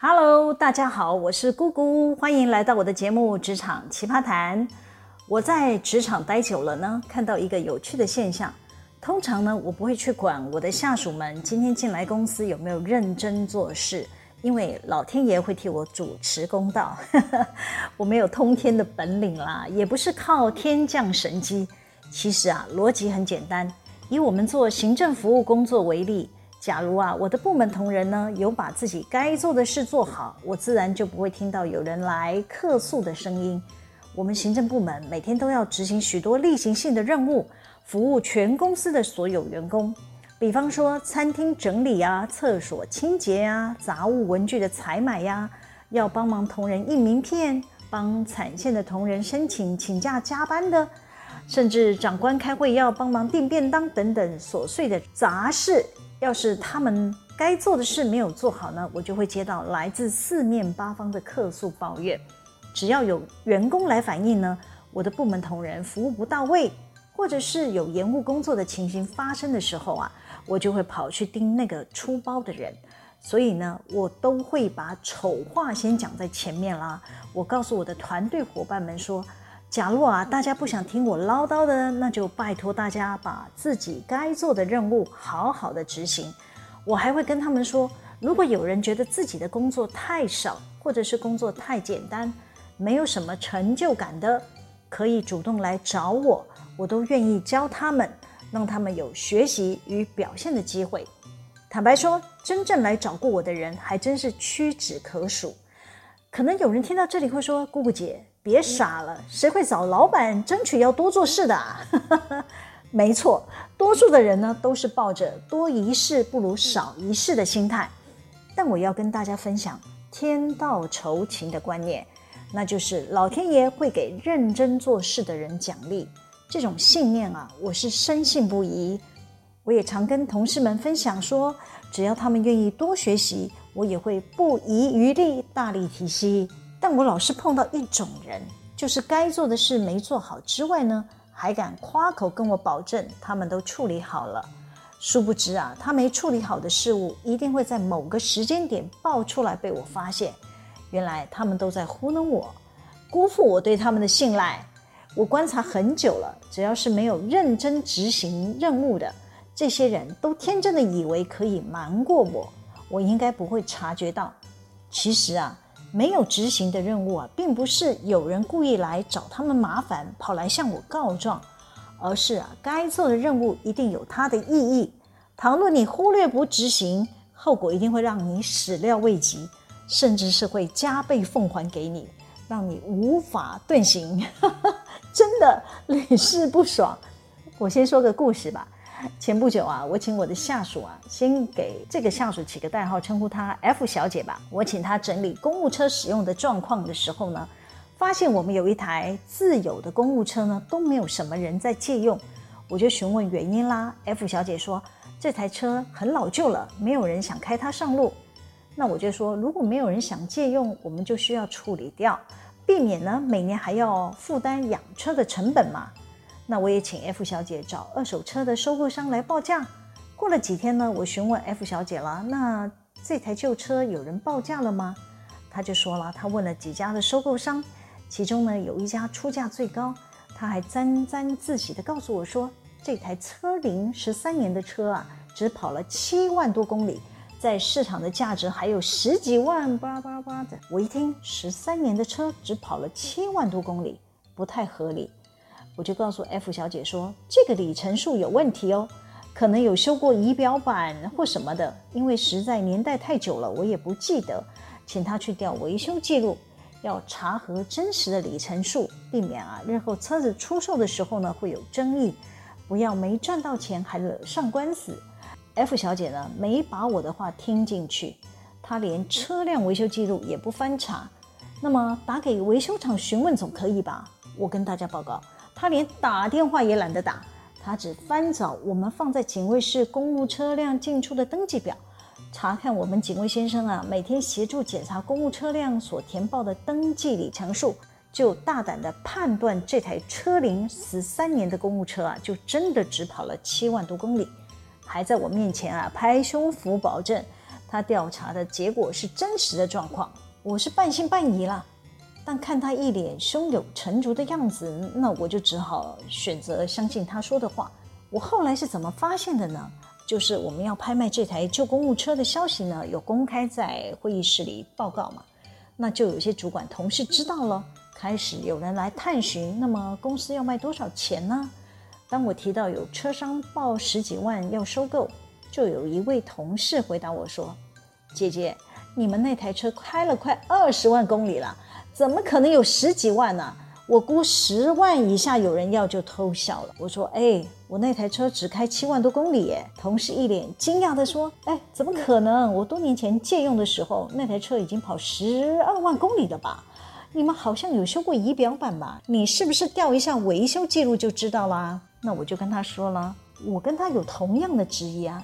Hello，大家好，我是姑姑，歡迎來到我的節目《職場奇葩談》。我在職場待久了呢，看到一個有趣的現象。通常呢，我不會去管我的下屬們今天進來公司有沒有認真做事，因為老天爺會替我主持公道。呵呵，我沒有通天的本領啦，也不是靠天降神機。其實啊，邏輯很簡單。以我們做行政服務工作為例。假如啊，我的部門同仁呢，有把自己該做的事做好，我自然就不會聽到有人來客訴的聲音。我們行政部門每天都要執行許多例行性的任務，服務全公司的所有員工。比方說餐廳整理啊、廁所清潔呀、雜物文具的採買呀，要幫忙同仁印名片，幫產線的同仁申請請假加班的，甚至長官開會要幫忙訂便當等等瑣碎的雜事。要是他們該做的事沒有做好呢，我就會接到來自四面八方的客訴抱怨。只要有員工來反映呢，我的部門同仁服務不到位，或者是有延誤工作的情形發生的時候啊，我就會跑去盯那個出包的人。所以呢，我都會把醜話先講在前面啦。我告訴我的團隊夥伴們說。假如啊，大家不想聽我嘮叨的，那就拜托大家把自己該做的任務好好的執行。我還會跟他們說，如果有人覺得自己的工作太少，或者是工作太簡單，沒有什麼成就感的，可以主動來找我，我都願意教他們，讓他們有學習與表現的機會。坦白說，真正來找過我的人還真是屈指可數。可能有人聽到這裡會說，Gugu 姊。別傻了，誰會找老闆爭取要多做事的啊？ 沒錯，多數的人呢都是抱着多一事不如少一事的心態。但我要跟大家分享天道酬勤的觀念，那就是老天爺會給認真做事的人獎勵。這種信念啊，我是深信不疑。我也常跟同事們分享說，只要他們願意多學習，我也會不遺餘力、大力提攜。但我老是碰到一種人，就是該做的事沒做好之外呢，還敢誇口跟我保證他們都處理好了。殊不知啊，他沒處理好的事物一定會在某個時間點爆出來被我發現。原來他們都在糊弄我，辜負我對他們的信賴。我觀察很久了，只要是沒有認真執行任務的這些人都天真的以為可以瞞過我，我應該不會察覺到。其實啊。沒有執行的任務啊，並不是有人故意來找他們麻煩，跑來向我告狀，而是啊，該做的任務一定有它的意義。倘若你忽略不執行，後果一定會讓你始料未及，甚至是會加倍奉還給你，讓你無法遁形， 真的屢試不爽。我先說個故事吧。前不久啊，我請我的下屬啊，先給這個下屬起個代號，稱呼她 F 小姐吧。我請她整理公務車使用的狀況的時候呢，發現我們有一台自有的公務車呢，都沒有什麼人在借用。我就詢問原因啦，F 小姐說這台車很老舊了，沒有人想開它上路。那我就說，如果沒有人想借用，我們就需要處理掉，避免呢每年還要負擔養車的成本嘛。那我也請 F 小姐找二手車的收購商來報價。過了幾天呢，我詢問 F 小姐了，那這台舊車有人報價了嗎？她就說了，她問了幾家的收購商，其中呢有一家出價最高，她還沾沾自喜的告訴我說，這台車齡十三年的車啊，只跑了七萬多公里，在市場的價值還有十幾萬巴拉巴拉巴拉的。我一聽，十三年的車只跑了七萬多公里，不太合理。我就告訴 F 小姐說，這個里程數有問題哦，可能有修過儀表板或什麼的，因為實在年代太久了，我也不記得，請她去調維修記錄，要查核真實的里程數，避免啊日後車子出售的時候呢會有爭議，不要沒賺到錢還惹上官司。F 小姐呢沒把我的話聽進去，她連車輛維修記錄也不翻查，那麼打給維修廠詢問總可以吧？我跟大家報告。他連打電話也懶得打，他只翻找我們放在警衛室公務車輛進出的登記表，查看我們警衛先生啊每天協助檢查公務車輛所填報的登記里程數，就大膽地判斷這台車齡十三年的公務車啊，就真的只跑了七萬多公里，還在我面前啊拍胸脯保證他調查的結果是真實的狀況，我是半信半疑了。但看他一臉胸有成竹的樣子，那我就只好選擇相信他說的話。我後來是怎麼發現的呢？就是我們要拍賣這台舊公務車的消息呢，有公開在會議室裡報告嘛。那就有些主管同事知道了，開始有人來探尋。那麼公司要賣多少錢呢？當我提到有車商報十幾萬要收購，就有一位同事回答我說：“姐姐，你們那台車開了快二十萬公里了。”怎麼可能有十幾萬呢？我估十萬以下有人要就偷笑了。我說，哎，我那台車只開七萬多公里。同事一臉驚訝的說，哎，怎麼可能？我多年前借用的時候，那台車已經跑十二萬公里了吧？你們好像有修過儀表板吧？你是不是調一下維修記錄就知道啦？那我就跟他說了，我跟他有同樣的質疑啊。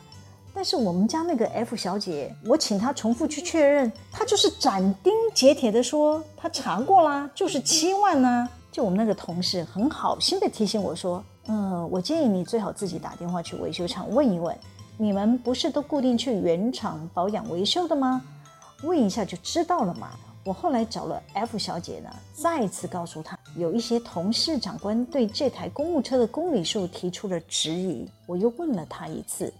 但是我們家那個 F 小姐，我請她重複去確認，她就是斬釘截鐵地說，她查過啦，就是七萬吶。就我們那個同事很好心地提醒我說，嗯，我建議你最好自己打電話去維修廠問一問，你們不是都固定去原廠保養維修的嗎？問一下就知道了嘛。我後來找了 F 小姐呢，再次告訴她，有一些同事長官對這台公務車的公里數提出了質疑，我又問了她一次。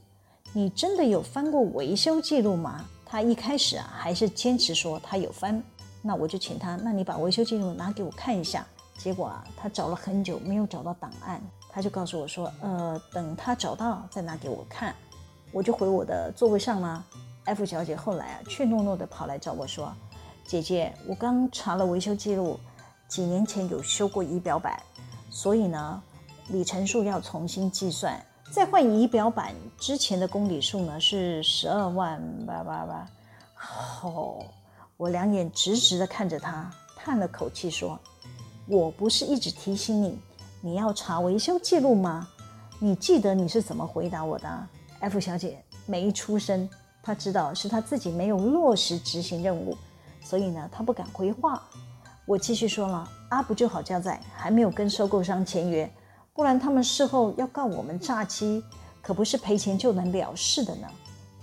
你真的有翻過維修記錄嗎？他一開始啊還是堅持說他有翻，那我就請他，那你把維修記錄拿給我看一下。結果啊，他找了很久沒有找到檔案，他就告訴我說，呃，等他找到再拿給我看。我就回我的座位上了。F 小姐後來啊，怯懦懦地跑來找我說，姐姐，我剛查了維修記錄，幾年前有修過儀表板，所以呢，里程數要重新計算。在換儀表板之前的公里數呢是十二萬八八八，吼、oh，我兩眼直直的看着他，嘆了口氣說：“我不是一直提醒你，你要查維修記錄嗎？你記得你是怎麼回答我的？”F 小姐沒出聲，她知道是她自己沒有落實執行任務，所以呢她不敢回話。我繼續說了：“啊不就好佳在，還沒有跟收購商簽約。”不然他們事後要告我們詐欺，可不是賠錢就能了事的呢。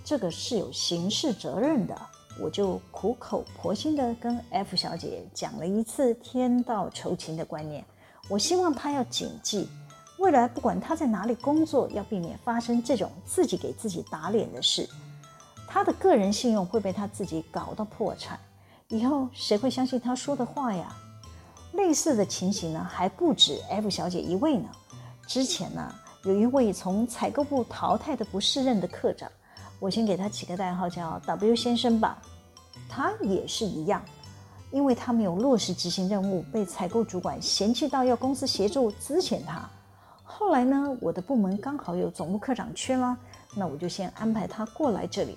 這個是有刑事責任的。我就苦口婆心地跟 F 小姐講了一次天道酬勤的觀念，我希望她要謹記，未來不管她在哪裡工作，要避免發生這種自己給自己打臉的事。她的個人信用會被她自己搞到破產，以後誰會相信她說的話呀？類似的情形呢，還不止 F 小姐一位呢。之前呢，有一位從採購部淘汰的不適任的課長，我先給他起個代號叫 W 先生吧。他也是一樣，因為他沒有落實執行任務，被採購主管嫌棄到要公司協助資遣他。後來呢，我的部門剛好有總務科長缺了，那我就先安排他過來這裡。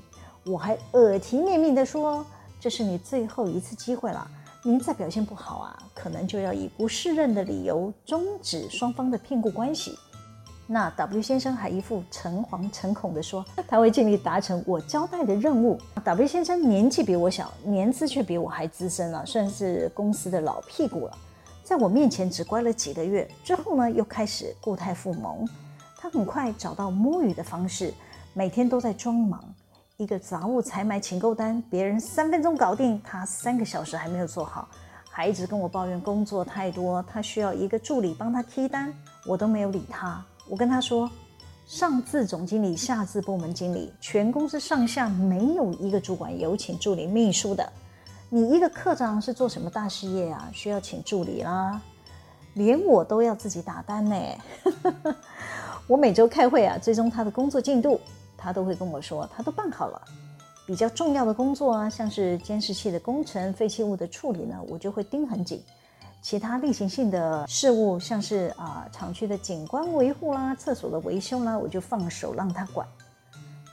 我還耳提面命的說，這是你最後一次機會了。您再表現不好啊，可能就要以不勝任的理由終止雙方的聘雇關係。那 W 先生還一副誠惶誠恐地說，他會盡力達成我交代的任務。W 先生年紀比我小，年資卻比我還資深了啊，算是公司的老屁股了。在我面前只乖了幾個月之後呢，又開始故態復萌。他很快找到摸魚的方式，每天都在裝忙。一個雜物採買請購單，別人三分鐘搞定，他三個小時還沒有做好，還一直跟我抱怨工作太多，他需要一個助理幫他 key 單，我都沒有理他。我跟他說，上至總經理，下至部門經理，全公司上下沒有一個主管有請助理秘書的。你一個科長是做什麼大事業啊？需要請助理啦？連我都要自己打單呢、欸。 我每周開會啊，追蹤他的工作進度。他都會跟我說，他都辦好了。比較重要的工作啊，像是監視器的工程、廢棄物的處理呢，我就會盯很緊。其他例行性的事物，像是啊廠區的景觀維護啦、廁所的維修啦，我就放手讓他管。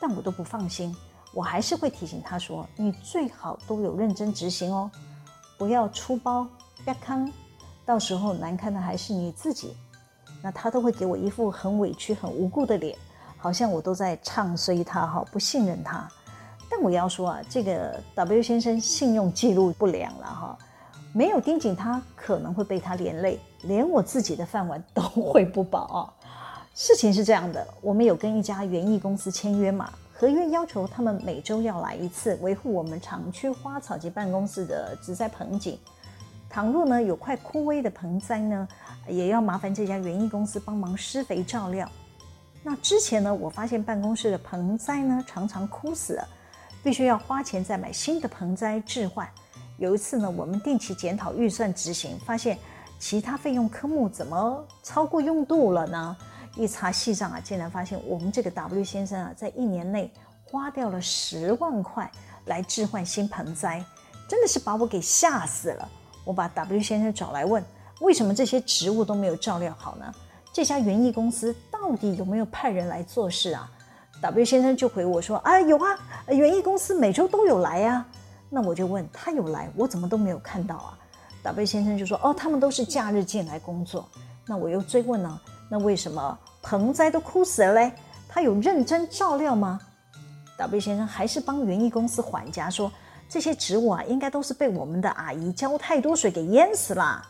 但我都不放心，我還是會提醒他說：“你最好都有認真執行哦，不要出包、壓康，到時候難看的還是你自己。”那他都會給我一副很委屈、很無辜的臉。好像我都在唱衰他哈，不信任他。但我要說啊，這個 W 先生信用記錄不良了哈，沒有盯緊他，可能會被他連累，連我自己的飯碗都會不保啊。事情是這樣的，我們有跟一家園藝公司簽約嘛，合約要求他們每周要來一次維護我們廠區花草及辦公室的植栽盆景。倘若呢有塊枯萎的盆栽呢，也要麻煩這家園藝公司幫忙施肥照料。那之前呢，我發現辦公室的盆栽呢常常枯死了，必須要花錢再買新的盆栽置換。有一次呢，我們定期檢討預算執行，發現其他費用科目怎麼超過用度了呢？一查細賬啊，竟然發現我們這個 W 先生啊，在一年內花掉了十萬塊來置換新盆栽，真的是把我給嚇死了。我把 W 先生找來問，為什麼這些植物都沒有照料好呢？這家園藝公司，到底有沒有派人來做事啊？W 先生就回我說啊、哎，有啊，園藝公司每周都有來呀、啊。那我就問他有來，我怎麼都沒有看到啊？W 先生就說哦，他們都是假日進來工作。那我又追問呢，那為什麼盆栽都枯死了嘞？他有認真照料嗎？W 先生還是幫園藝公司還家，緩頰說，這些植物啊，應該都是被我們的阿姨澆太多水給淹死了。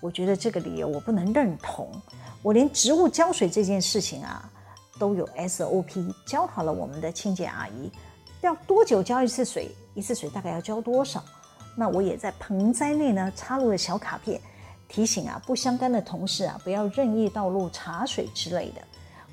我覺得這個理由我不能認同。我連植物澆水這件事情啊，都有 SOP，教好了，我們的清潔阿姨要多久澆一次水，一次水大概要澆多少？那我也在盆栽內呢插入了小卡片，提醒啊，不相干的同事啊，不要任意倒入茶水之類的。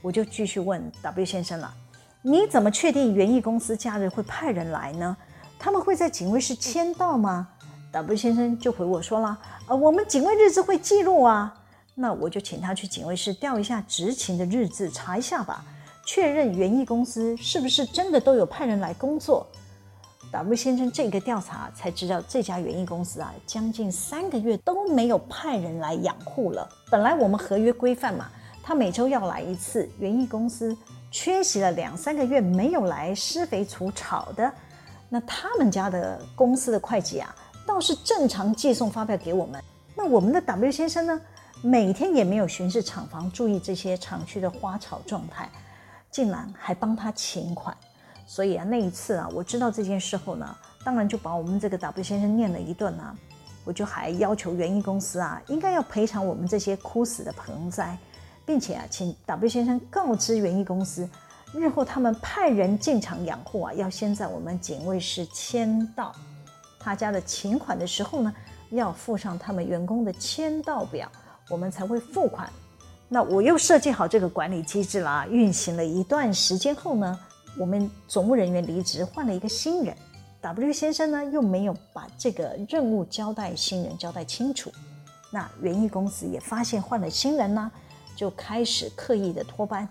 我就繼續問 W 先生了，你怎麼確定園藝公司假日會派人來呢？他們會在警衛室簽到嗎？嗯、W 先生就回我說了，呃，我們警衛日誌會記錄啊。那我就請他去警衛室調一下執勤的日子，查一下吧，確認園藝公司是不是真的都有派人來工作。W 先生這個調查才知道，這家園藝公司啊，將近三個月都沒有派人來養護了。本來我們合約規範嘛，他每週要來一次。園藝公司缺席了兩三個月，沒有來施肥除草的。那他們家的公司的會計啊，倒是正常寄送發票給我們。那我們的 W 先生呢？每天也沒有巡視廠房，注意這些廠區的花草狀態，竟然還幫他請款。所以啊，那一次啊，我知道這件事後呢，當然就把我們這個 W 先生念了一頓啊。我就還要求園藝公司啊，應該要賠償我們這些枯死的盆栽，並且啊，請 W 先生告知園藝公司，日後他們派人進廠養護啊，要先在我們警衛室簽到。他家的請款的時候呢，要附上他們員工的簽到表。我們才會付款。那我又設計好這個管理機制啦啊，運行了一段時間後呢，我們總務人員離職，換了一個新人。W 先生呢，又沒有把這個任務交代新人交代清楚。那園藝公司也發現換了新人呢，就開始刻意的拖班，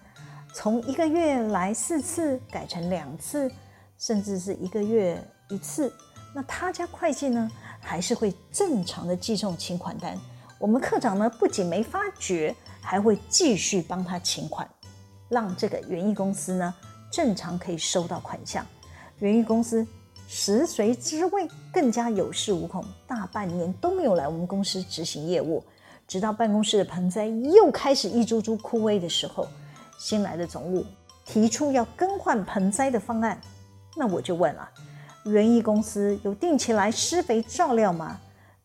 從一個月來四次改成兩次，甚至是一個月一次。那他家會計呢，還是會正常的寄送請款單。我們科長呢，不僅沒發覺，還會繼續幫他請款，讓這個園藝公司呢正常可以收到款項。園藝公司食髓知味，更加有恃無恐，大半年都沒有來我們公司執行業務。直到辦公室的盆栽又開始一株株枯萎的時候，新來的總務提出要更換盆栽的方案，那我就問了：園藝公司有定期來施肥照料嗎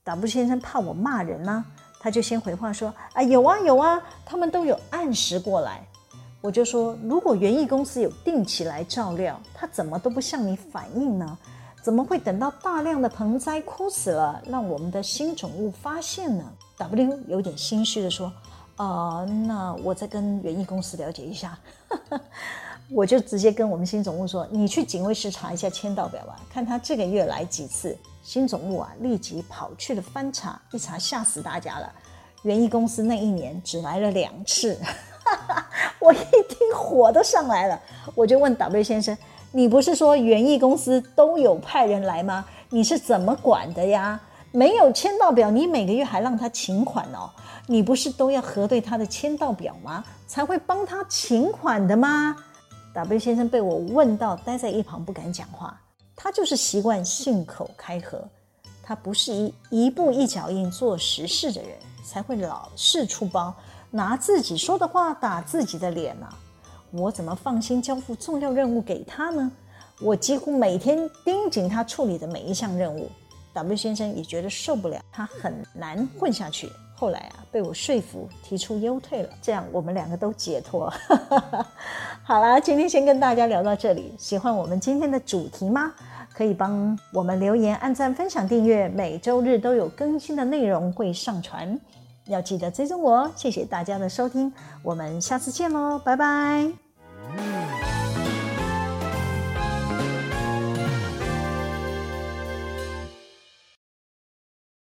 ？W 先生怕我罵人呢、啊。他就先回話說：“啊，有啊有啊，他們都有按時過來。”我就說：“如果園藝公司有定期來照料，他怎麼都不向你反映呢？怎麼會等到大量的盆栽枯死了，讓我們的新總務發現呢？”W 有點心虛的說：“啊、呃，那我再跟園藝公司了解一下。 ”我就直接跟我們新總務說：“你去警衛室查一下簽到表吧，看他這個月來幾次。”新總務啊，立即跑去了翻查，一查嚇死大家了，園藝公司那一年只來了兩次。 我一聽火都上來了，我就問 W 先生：“你不是說園藝公司都有派人來嗎？你是怎麼管的呀？沒有簽到表，你每個月還讓他請款哦？你不是都要核對他的簽到表嗎？才會幫他請款的嗎？” W 先生被我問到，待在一旁不敢講話。他就是習慣信口開河，他不是一一步一腳印做實事的人，才會老是出包，拿自己說的話打自己的臉呢、啊。我怎麼放心交付重要任務給他呢？我幾乎每天盯緊他處理的每一項任務。W 先生也覺得受不了，他很難混下去。後來啊，被我說服，提出優退了。這樣我們兩個都解脫。 好啦，今天先跟大家聊到這裡。喜歡我們今天的主題嗎？可以幫我們留言、按讚、分享、訂閱。每周日都有更新的內容會上傳，要記得追蹤我哦。謝謝大家的收聽，我們下次見嘍，拜拜。